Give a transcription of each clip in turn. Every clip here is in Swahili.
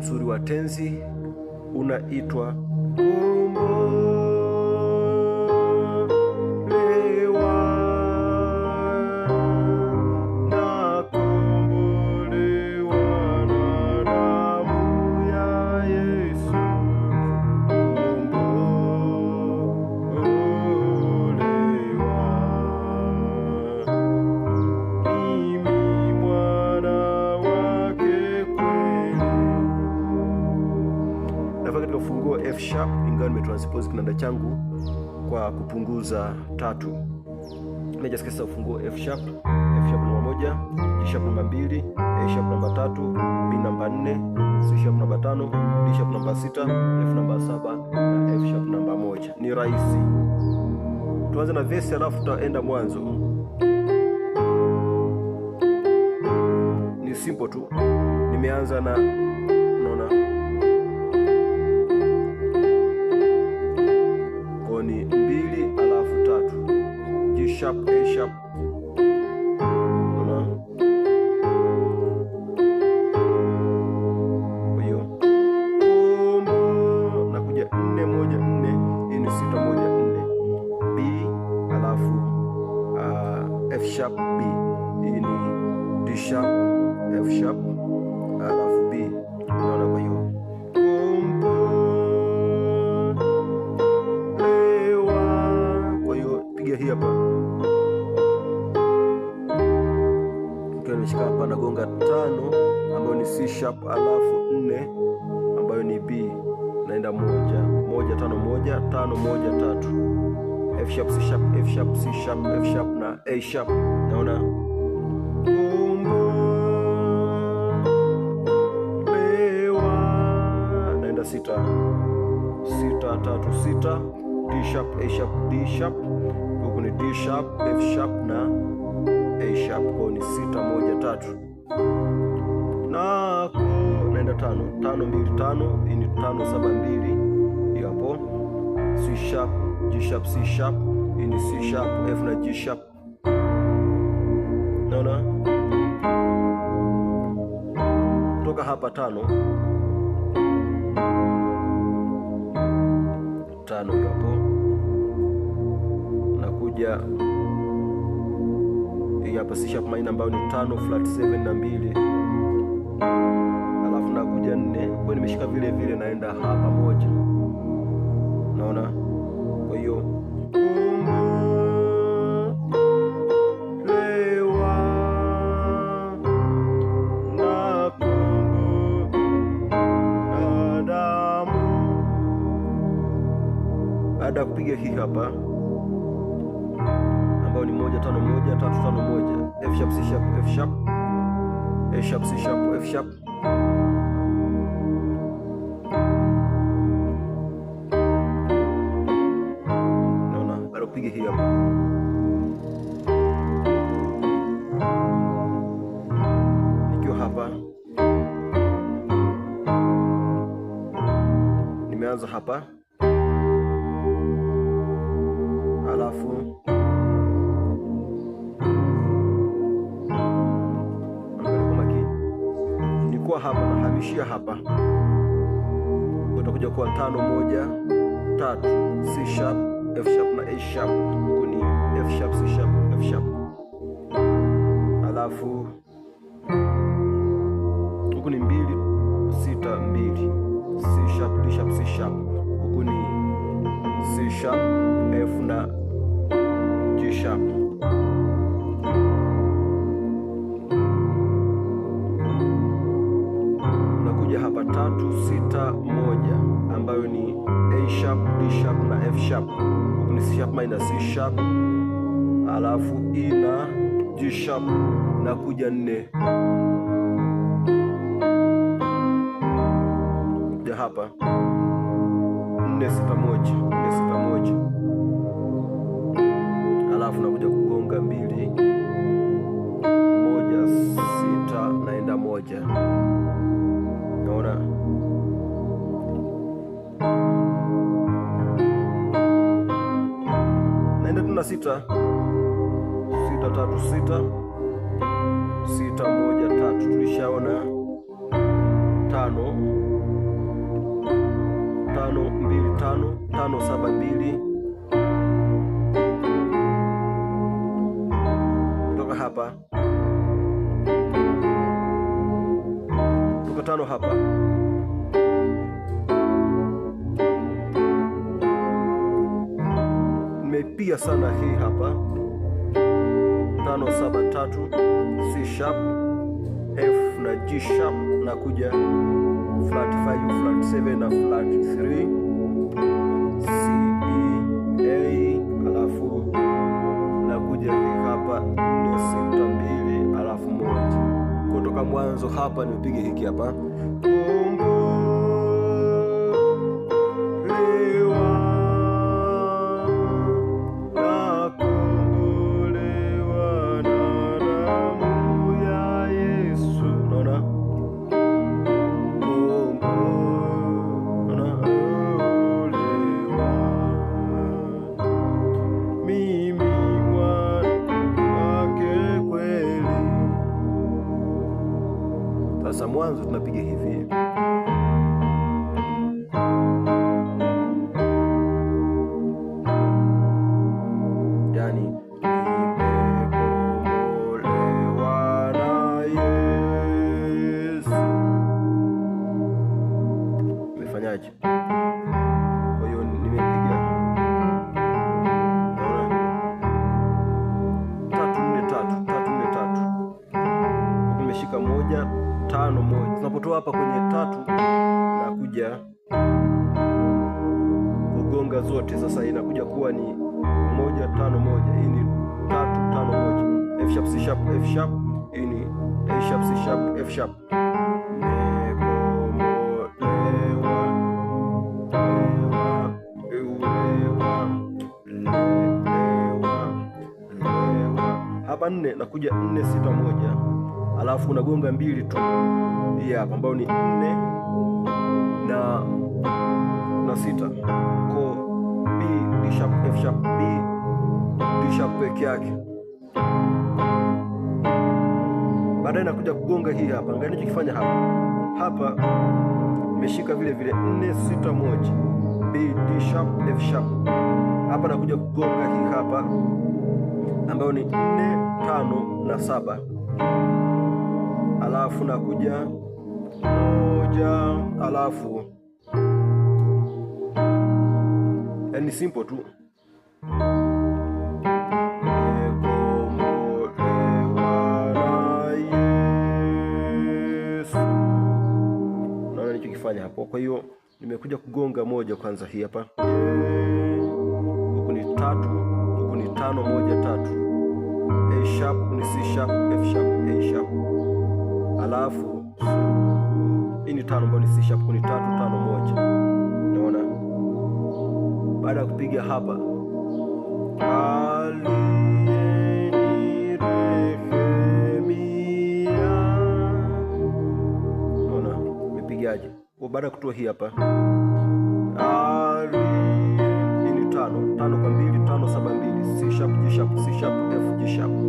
mzuri wa tenzi unaitwa gumbo. expose kinanda changu kwa kupunguza tatu. Meja skesi za ufunguo F sharp, F sharp namba moja, G sharp namba mbili, A sharp namba tatu, B namba nne, C sharp namba tano, D sharp namba sita, F namba saba na F sharp namba moja. Ni rahisi. Tuanze na vesi alafu tutaenda mwanzo. Ni simple tu. Nimeanza na unaona sharp, A sharp. nakuja nne moja nne, hii moja nne B, alafu uh, sharp B unagonga tano ambayo ni C sharp, alafu nne ambayo ni B, naenda moja moja tano moja tano moja tatu, F sharp C sharp F sharp C sharp F sharp na A sharp. Naona naenda sita sita tatu sita D sharp A sharp D sharp, huku ni D sharp F sharp na A sharp kwa ni sita moja tatu na naenda tano tano mbili tano ini tano saba mbili hiyo hapo. C sharp G sharp C sharp ini C sharp F na G sharp, naona toka hapa tano tano hapo nakuja A hapa C sharp minor ambayo ni tano flat 7 na mbili, alafu nakuja nne kwa nimeshika vile vile, naenda hapa moja, naona kwa hiyo baada ya kupiga hii hapa tano moja tatu tano moja F sharp C sharp F sharp A sharp C sharp F sharp naona bado piga hii hapa nikiwa hapa nimeanza hapa kuishia hapa, utakuja kwa tano moja tatu C sharp F sharp na A sharp, huku ni F sharp C sharp F sharp, alafu huku ni mbili sita mbili C sharp D sharp C sharp, huku ni C sharp F na G sharp. tatu sita moja ambayo ni A sharp, D sharp na F sharp, huku ni C sharp minor C sharp, alafu E na G sharp na kuja nne kuja hapa nne sita moja sita sita moja tatu tulishaona tano tano mbili tano tano saba mbili kutoka hapa kutoka tano hapa nimepiga sana hii hapa tano saba tatu C sharp F na G sharp na kuja flat 5 flat 7 na flat 3 C e, hapa ndio mbili, moja kutoka mwanzo hapa nipiga hiki hapa Be here. inakuja kugonga zote. Sasa inakuja kuwa ni moja tano moja, hii ni tatu tano moja, F sharp C sharp F sharp, hii ni A sharp C sharp F sharp. Hapa nne nakuja nne sita moja, alafu unagonga mbili tu hii hapa ambayo ni nne na sita ko B D sharp F sharp B D sharp peke yake. Baadaye nakuja kugonga hii hapa, angalia nichokifanya hapa hapa, nimeshika vile vile nne sita moja B D sharp F sharp. Hapa nakuja kugonga hii hapa ambayo ni nne tano na saba alafu nakuja moja, alafu ni yaani simple tu naona nichokifanya hapo. Kwa hiyo nimekuja kugonga moja kwanza, hii hapa huku ni tatu, huku ni tano moja tatu, A sharp ni C sharp, F sharp, A sharp alafu hii ni tano ambayo ni C sharp, ni tatu tano moja. Unaona, baada ya kupiga hapa Ali. Baada ya kutoa hii hapa ni tano tano kwa mbili tano saba mbili, C sharp G sharp C sharp F G sharp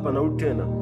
hapa na rudi tena.